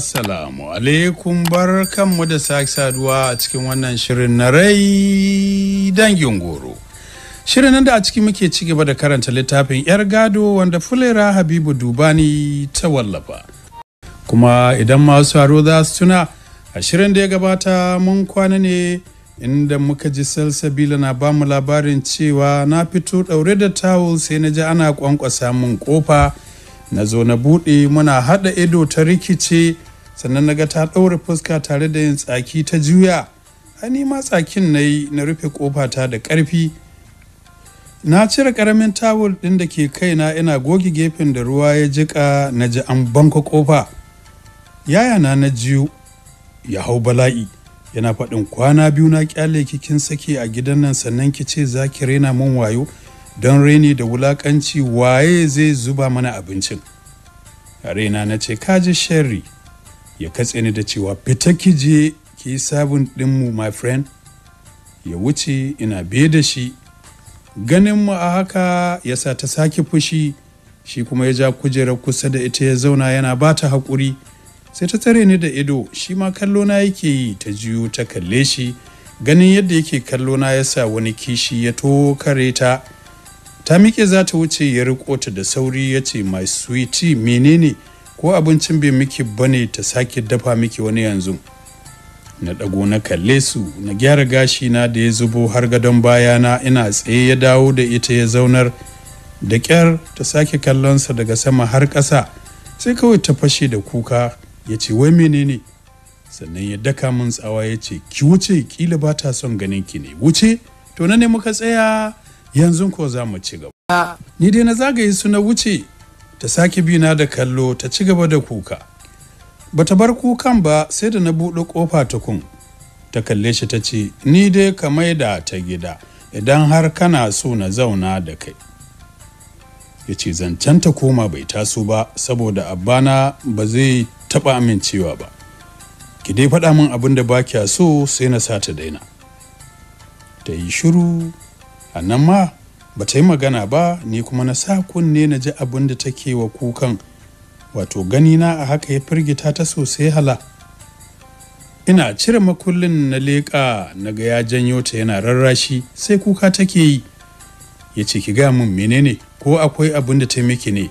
Assalamu alaikum bar kanmu da sake saduwa a cikin wannan shirin na rai dangin goro. Shirin nan da a ciki muke ci gaba da karanta littafin 'yar gado wanda fulera Habibu Dubani ta wallafa. Kuma idan masu haro za su tuna a shirin da ya gabata mun kwana ne inda muka ji salsabila na ba mu labarin cewa na fito ɗaure da tawul sai na ji ana kwankwasa mun kofa. na zo na buɗe muna haɗa ido ta rikice sannan na ga ta ɗaure fuska tare da yin tsaki ta juya a ma tsakin na yi na rufe ƙofata da ƙarfi na cire ƙaramin tawul ɗin da ke kaina ina goge gefen da ruwa ya jiƙa na ji an banka ƙofa yayana na jiyo ya hau bala'i yana faɗin kwana biyu na ƙyale kikin sake a gidan nan sannan ki ce za ki rena min wayo don reni da wulaƙanci waye zai zuba mana abincin raina na ce kaji sherry ya katse ni da cewa fita ki je ki sabon ɗinmu my friend ya wuce ina biye da shi ganin mu a haka ya sa ta sake fushi shi kuma ya ja kujerar kusa da ita ya zauna yana ba ta haƙuri sai ta tsare ni da ido shi ma kallo na yake yi ta juyo ta kalle shi ganin yadda yake kallo na ya sa wani kishi ya to kare ta ta miƙe za ta wuce ya riko ta da sauri ya ce my sweetie menene ko abincin bai miki bane ta sake dafa miki wani yanzu na ɗago na kalle su na gyara gashi na da ya zubo har gadon na ina tsaye ya dawo da ita ya zaunar da ƙyar ta sake sa daga sama har ƙasa sai kawai ta fashe da kuka ya ce wai menene sannan ya daka min tsawa ya ce ki wuce kila ba ta son ganin ki ne wuce to na ne muka tsaya yanzu ko za mu ci gaba ni dai na zagaye su na wuce ta sake bina da kallo ta ci gaba da kuka bata bar kukan ba sai da na buɗe ƙofa tukun ta kalle shi ta ce ni dai ka maida ta gida idan har kana so na zauna da kai ya ce zancen ta koma bai taso ba saboda abbana ba zai taɓa amincewa ba ki dai faɗa min abin da ba kya so sai na sa ta daina ta yi shiru a nan ma ba ta yi magana ba ni kuma na sa kunne na ji abin da take wa kukan wato ganina a haka ya firgita ta sosai hala ina cire makullin na leƙa na ga ya janyo ta yana rarrashi sai kuka take yi ya ce ki gaya min menene ko akwai abin da ta miki ne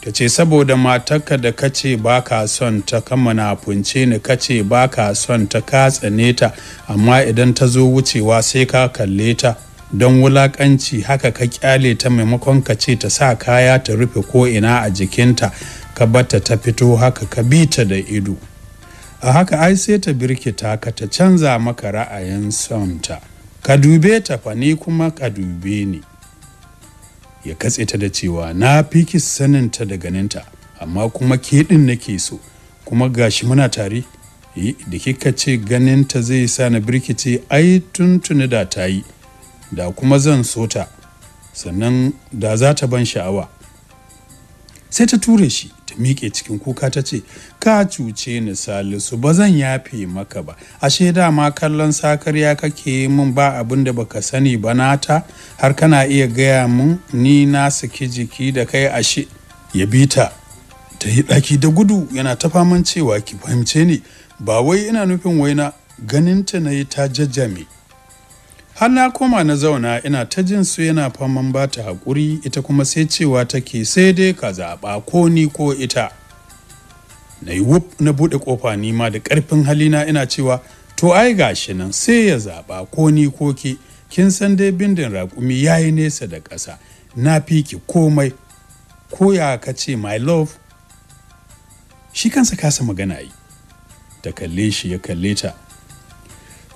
ta ce saboda matarka da kace ba ka son ta kama funce ni kace ba ka son ta ka tsane ta amma idan ta zo wucewa sai ka kalle ta don wulakanci haka ka kyale ta maimakon ka ce ta sa kaya ta rufe ko'ina a jikinta ka bata ta fito haka ka bi ta da ido a haka ai sai ta birkita ka ta canza maka ra'ayin sonta ka dube ta fa ni kuma ka dube ni ya katse ta da cewa na fi ki ta da ganinta amma kuma ke din nake so kuma gashi muna tare eh, da kika ce ganinta zai sa na birkice ai tuntuni da ta yi da kuma zan so ta sannan da za ta ban sha'awa sai ta ture shi ta miƙe cikin kuka ta ce ka cuce ni salisu ba zan yafe maka ba ashe dama kallon sakar ya kake min ba abin da baka sani ba nata har kana iya gaya min ni na saki jiki da kai ashe ya bi ta ta yi ɗaki da gudu yana ta faman cewa ki fahimce ni ba wai ina nufin waina ganinta na yi ta jajjame har na koma na zauna ina ta jin su yana faman ba ta haƙuri ita kuma sai cewa take sai dai ka zaɓa ko ni ko ita na yi wuf na buɗe ƙofa ni ma da ƙarfin na ina cewa to ai gashi nan sai ya zaɓa ko ni ko ki kin san dai bindin raƙumi ya yi nesa da ƙasa na fi ki komai ko ya ka ce my love shi kansa kasa magana yi ta kalle shi ya kalle ta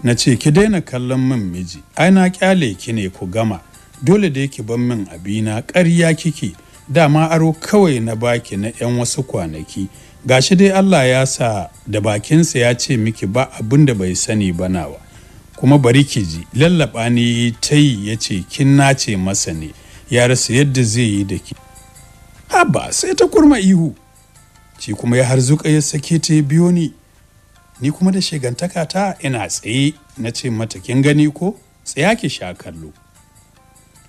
na ce ki daina kallon min miji ai na kyale ki ne ku gama dole da ki ban min abina ƙarya kike dama aro kawai na baki na 'yan wasu kwanaki gashi dai Allah ya sa da bakinsa ya ce miki ba abin da bai sani ba nawa kuma bari ki ji lallaba ne ta yi ya ce kin nace masa ne ya rasa yadda zai yi da ki haba sai ta kurma ihu ci kuma ya harzuka ya sake ta biyo ni ni kuma da shigantaka ta ina tsaye na ce mata kin gani ko tsaya ki sha kallo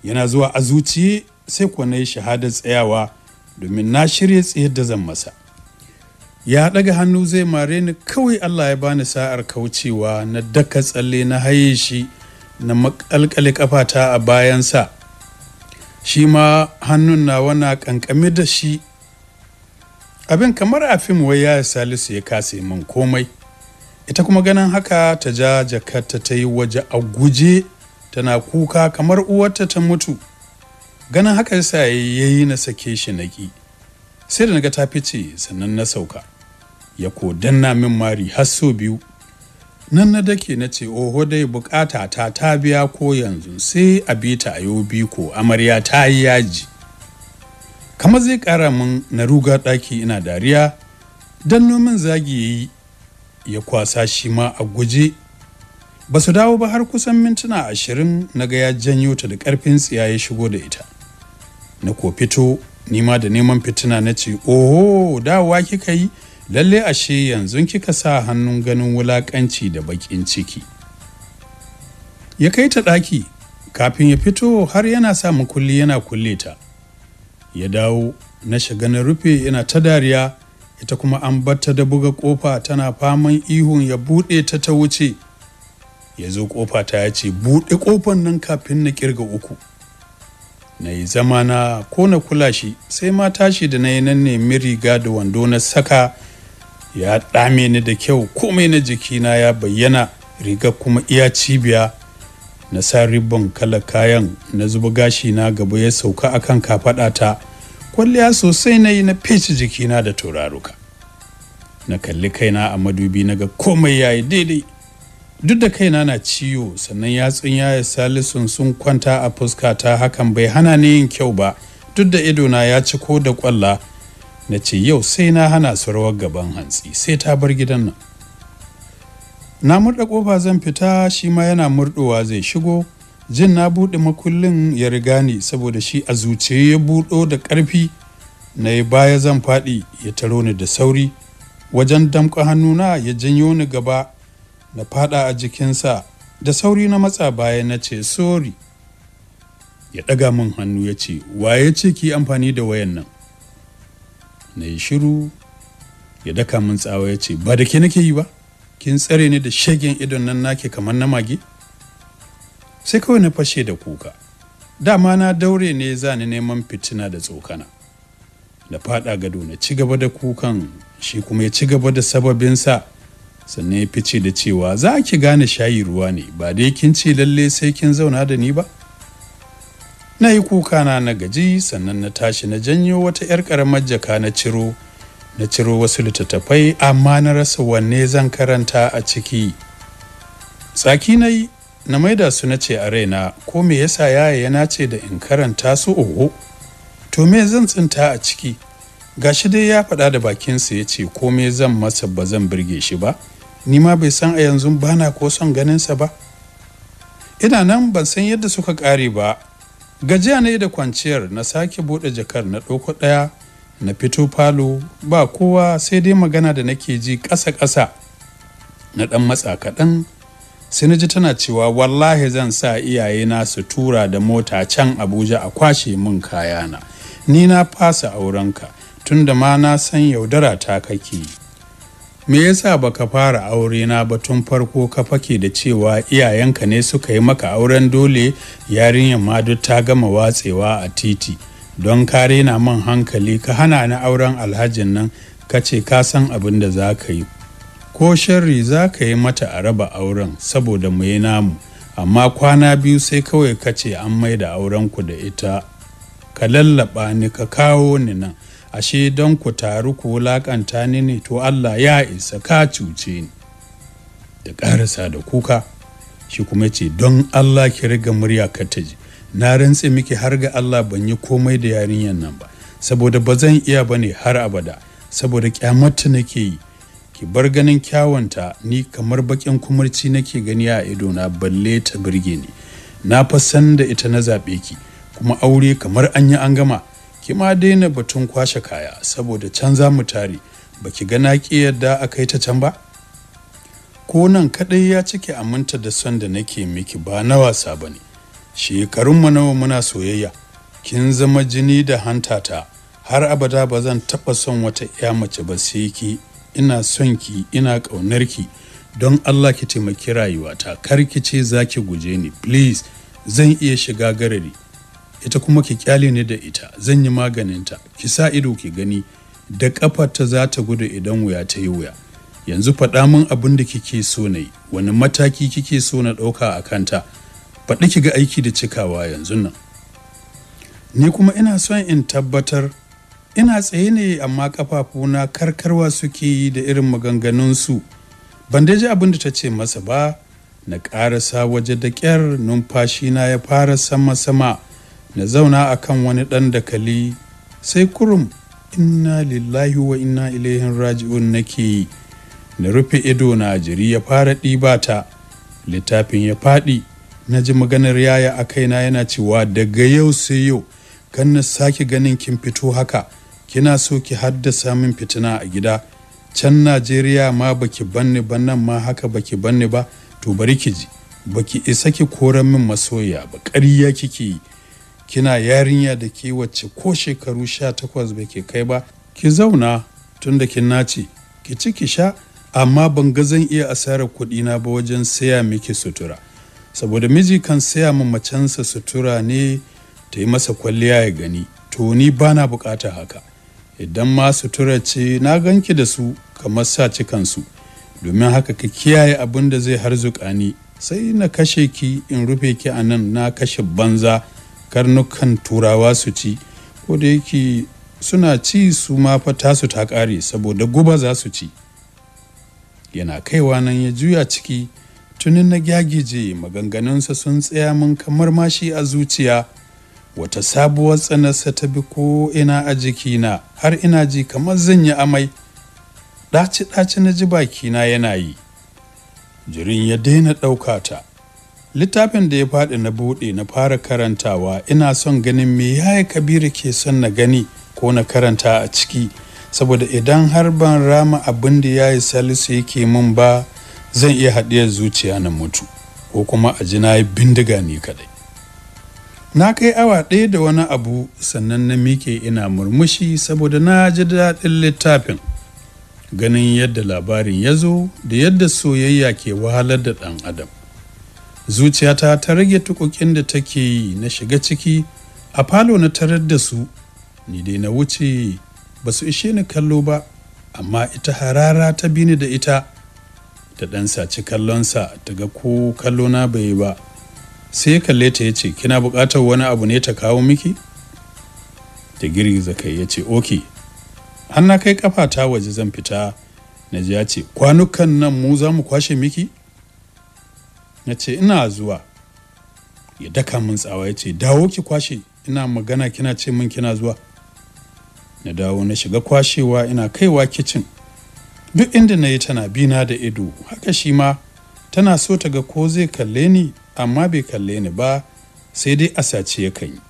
yana zuwa a zuciye sai kuwa na yi shahadar tsayawa domin na shirya tsaye da zan masa ya ga hannu zai mare ni kawai allah ya bani sa'ar kaucewa na daka tsalle na haye shi na makalkale kafata a bayan sa. shi ma hannun nawa na kankame da shi abin kamar a fim wai ya salisu ya kase min komai ita kuma ganin haka ta ja jakarta ta yi waje a guje tana kuka kamar uwarta ta mutu ganin haka yasa ya yi na sake shi na ki, sai da naga ta fice sannan na sauka ya ko danna min mari har so biyu nan na dake na ce oho dai bukata ta ta biya ko yanzu sai a bi ta a ko amarya ta yi yaji kamar zai kara mun na ruga daki ina dariya dan nomin zagi yayi ya kwasa shi ma a guje ba su dawo ba har kusan mintuna ashirin na ga ya janyo ta da ƙarfin tsiya ya shigo da ita na ko fito nima da neman fitina na ce oho dawowa kika yi lalle ashe yanzu kika sa hannun ganin wulaƙanci da baƙin ciki ya kai ta ɗaki kafin ya fito har yana sa mukulli yana kulle ta ya dawo na shiga na rufe yana ta dariya ita kuma an batta da buga kofa tana faman ihun ya buɗe ta ta wuce ya zo kofa ta ya ce buɗe kofan nan kafin na kirga uku na yi zama na ko na kula shi sai ma tashi da na yi nan nemi riga da wando na saka ya ɗame ni da kyau komai na jikina ya bayyana riga kuma iya cibiya na sa ribbon kala kayan na zuba gashi na gaba ya sauka akan kafaɗata ta kwalliya sosai na yi na fece jikina da tauraruka na kalli kaina a madubi na ga komai yayi daidai duk da kaina na ciwo sannan yatsun yaya salisun sun kwanta a fuska ta hakan bai hana ni yin kyau ba duk da ido na ya ci ko da kwalla na ce yau sai na hana su rawar gaban hantsi sai ta bar gidan nan na murda kofa zan fita shi ma yana murɗowa zai shigo jin na buɗe makullin ya riga ni saboda shi a zuce ya buɗo da ƙarfi na yi baya zan faɗi ya taro ni da sauri wajen damƙa hannuna ya janyo ni gaba na faɗa a jikinsa da sauri na matsa baya na ce sorry ya ɗaga min hannu ya ce waye ce ki amfani da wayan nan na yi shiru ya daka min tsawa ya ce ba da ke nake yi ba kin tsare ni da shagen idon nan nake kamar na mage sai kawai na fashe da kuka dama na daure ne za ni neman fitina da tsokana da fada gado na ci gaba da kukan shi kuma ya ci gaba da sababinsa sannan ya fice da cewa za ki gane shayi ruwa ne ba dai kin ce lalle sai kin zauna da ni ba na yi kuka na na gaji sannan na tashi na janyo wata 'yar karamar jaka na ciro na ciro wasu littattafai amma na rasa wanne zan karanta a ciki tsaki na yi na maida su na ce a raina ko me yasa yaya yana ce da in karanta su oho to me zan tsinta a ciki gashi dai ya faɗa da bakinsa ya ce ko me zan masa ba zan birge shi ba ni ma bai san a yanzu bana ko son ganinsa ba ina nan ban san yadda suka ƙare ba gajiya ne da kwanciyar na sake buɗe jakar na ɗauko ɗaya na fito falo ba kowa sai dai magana da nake ji ƙasa-ƙasa na ɗan matsa kaɗan sai tana cewa wallahi zan sa iyayena su tura da mota can abuja a kwashe min kayana ni na fasa aurenka tun da ma na san yaudara ta kake me yasa baka fara aure na ba tun farko ka fake da cewa iyayenka ne suka yi maka auren dole yarinyar ma duk ta gama watsewa a titi don ka rena man hankali ka hana ni auren alhajin nan ka ce ka san abin da za ka yi ko sharri za ka yi mata a raba auren saboda mu yi namu amma kwana biyu sai kawai ka ce an mai da aurenku da ita ka lallaba ni ka kawo ni nan ashe don ku taru ku wulaƙanta ni ne to Allah ya isa ka cuce ni da ƙarasa da kuka shi kuma ce don Allah ki riga murya ka ta ji na rantse miki har ga Allah ban yi komai da yarinyar nan ba saboda ba zan iya bane har abada saboda kyamata nake yi ki bar ganin kyawanta ni kamar bakin kumurci nake gani a idona balle ta birge ni na fa san da ita na zaɓe ki kuma aure kamar an yi an gama ki ma daina batun kwashe kaya saboda can za mu tare baki ga na ki yadda akai yi ta can ba ko nan kaɗai ya cike aminta da son da nake miki ba na wasa bane shekarun mu nawa muna soyayya kin zama jini da hanta ta har abada ba zan taba son wata iya mace ba sai ki ina son ki ina ƙaunar ki don Allah ki taimaki rayuwata kar ki ce za ki guje ni please zan iya shiga garari ita kuma ki kyale ni da ita zan yi maganinta ki sa ido ki gani da ƙafarta za ta gudu idan wuya ta yi wuya yanzu faɗa min abin da kike so na yi wani mataki kike so na ɗauka a kanta faɗi ki ga aiki da cikawa yanzu nan ni kuma ina son in tabbatar ina tsaye ne amma kafafuna karkarwa suke yi da irin maganganunsu ban daji abin da ta ce masa ba na ƙarasa waje da ƙyar numfashina ya fara sama-sama na zauna a kan wani ɗan dakali sai kurum inna lillahi wa inna ilaihin raji'un nake yi na rufe ido na jiri ya fara ta littafin ya faɗi na ji maganar yaya a kaina yana cewa daga yau sai yau kan na sake ganin kin fito haka kina so ki haddasa min fitina a gida can najeriya ma baki banni ba nan ma haka baki banni ba to bari ki ji baki isa ki koran min masoya ba ƙarya kike yi kina yarinya da ke wacce ko shekaru sha takwas ba ke kai ba ki zauna tun da kin nace ki ci ki sha amma ban ga zan iya asarar kuɗina ba wajen saya miki sutura saboda miji kan saya ma macensa sutura ne ta yi masa kwalliya ya gani to ni bana bukata haka idan ma sutura ce na ganki da su kamar sa cikansu domin haka ka kiyaye abin da zai harzuka ni sai na kashe ki in rufe ki a nan na kashe banza karnukan turawa su ci ko da yake suna ci su ma fa tasu ta ƙare saboda guba za su ci yana kaiwa nan ya juya ciki tunin na gyagije maganganunsa sun tsaya min kamar mashi a zuciya wata sabuwar tsanarsa ta bi ko ina a jikina har ina ji kamar zan yi amai ɗaci-ɗaci na ji bakina yana yi jirin ya daina ɗauka ta littafin da ya faɗi na buɗe na fara karantawa ina son ganin me yaya kabiru ke son na gani ko na karanta a ciki saboda idan har ban rama abin da ya yi salisu yake mun ba zan iya haɗiyar zuciya na mutu ko kuma a ji na yi bindiga ni kaɗai na kai awa ɗaya da wani abu sannan na miƙe ina murmushi saboda na ji daɗin littafin ganin yadda labarin ya zo da yadda soyayya ke wahalar da ɗan adam zuciyata ta rage tukukin da take yi na shiga ciki a falo na tarar da su ni dai na wuce ba su ishe ni kallo ba amma ita harara ta bini da ita ta ɗan saci kallonsa daga ga ko kallona bai ba sai ya kalle ta ya ce kina buƙatar wani abu ne ta kawo miki ta girgiza kai ya ce oke har na kai kafa ta waje zan fita na ji ya ce kwanukan nan mu za mu kwashe miki na ce ina zuwa ya daka min tsawa ya ce dawo ki kwashe ina magana kina ce min kina zuwa na dawo na shiga kwashewa ina kaiwa kicin duk inda na yi tana bina da ido haka shi ma tana so ta ga ko zai kalle ni amma bai kalle ni ba sai dai a sace ya kan yi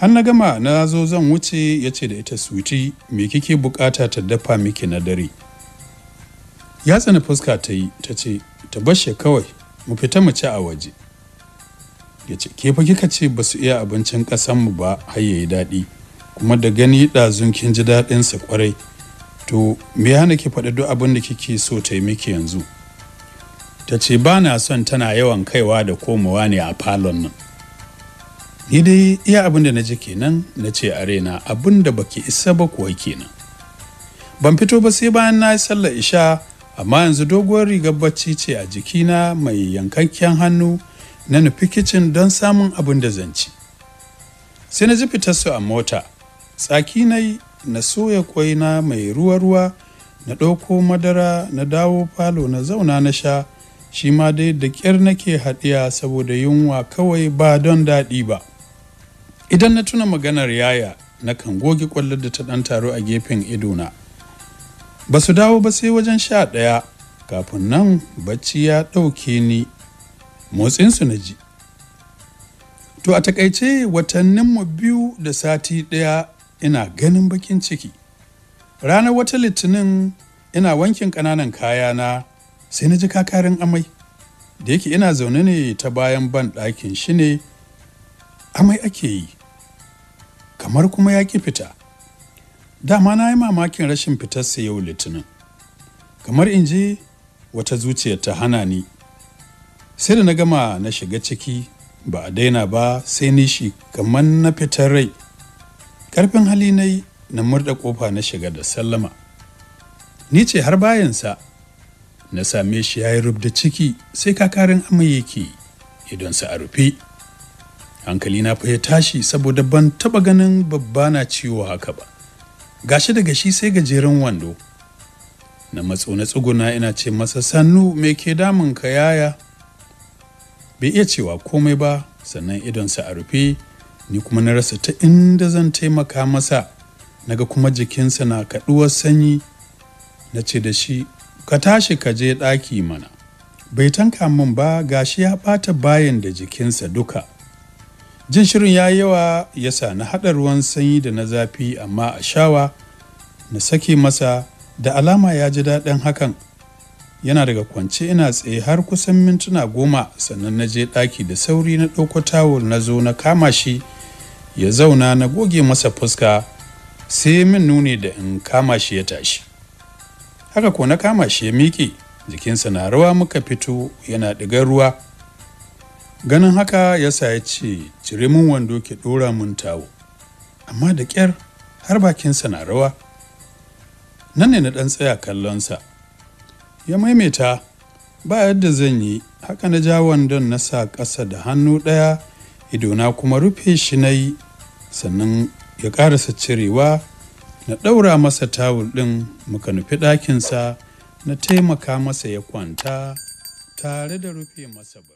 har na gama na zo zan wuce ya ce da ita suti me kike bukata ta dafa miki na dare ya tsani fuska ta yi ta ce ta bashe kawai mu fita mu ci a waje ya ce ke fa kika ce ba su iya abincin kasan mu ba har ya yi daɗi kuma da gani ɗazun kin ji sa kwarai to me hana ki faɗi duk abin da kike so ta yi miki yanzu ta ce ba na son tana yawan kaiwa da komowa ne a falon nan ni dai iya abin da na ji kenan na ce a raina abin da baki isa ba kuwa kenan ban fito ba sai bayan na yi sallar isha amma yanzu doguwar rigar bacci ce a jikina mai yankakken hannu na nufi kicin don samun abin da zanci sai na ji fitar su a mota tsaki na yi na soya kwai na mai ruwa-ruwa na ɗauko madara na dawo falo na zauna na sha shi ma dai da ƙyar nake haɗiya saboda yunwa kawai ba don daɗi ba idan na tuna maganar yaya nakan goge ƙwallar da ta ɗan taro a gefen idona ba su dawo ba sai wajen sha ɗaya kafin nan bacci ya ɗauke ni motsinsu na ji to a takaice watanninmu biyu da sati ɗaya ina ganin bakin ciki ranar wata litinin ina wankin ƙananan kayana sai na ji kakarin amai da yake ina zaune ne ta bayan ban ɗakin shi ne amai ake yi kamar kuma ya ki fita dama na yi mamakin rashin fitarsa yau litinin kamar in je wata zuciya ta hana ni sai da na gama na shiga ciki ba a daina ba sai nishi kamar na fitar rai ƙarfin hali na yi na murda ƙofa na shiga da sallama ni ce har bayansa na same shi ya yi rubda ciki sai kakarin amai yake sa a rufe hankali na fa ya tashi saboda ban taba ganin babba na ciwo haka ba gashi daga shi sai gajeren wando na matso na tsuguna ina ce masa sannu me ke damun ka yaya bai iya cewa komai ba sannan sa a rufe ni kuma na rasa ta inda zan taimaka masa naga kuma jikinsa na kaduwar sanyi na ce da shi ka tashi ka je ɗaki mana bai tanka min ba ga shi ya ɓata bayan da jikinsa duka jin shirin ya yawa ya sa na haɗa ruwan sanyi da na zafi amma a shawa na sake masa da alama ya ji daɗin hakan yana daga kwance ina tsaye har kusan mintuna goma sannan na je ɗaki da sauri na ɗauko tawul na zo na kama shi ya zauna na goge masa fuska sai min nuni da in kama shi ya tashi haka ko na kama shi ya miƙe jikinsa na rawa muka fito yana ɗigar ruwa ganin haka ya sa ya ce cire min wando ke ɗora mun tawo amma da ƙyar har bakinsa na rawa nan ne na ɗan tsaya kallonsa ya maimaita ba yadda zan yi haka na ja wandon na sa ƙasa da hannu ɗaya idona kuma rufe shi na yi sannan ya ƙarasa cirewa na ɗaura masa tawul ɗin muka nufi ɗakinsa na taimaka masa ya kwanta tare da rufe masa ba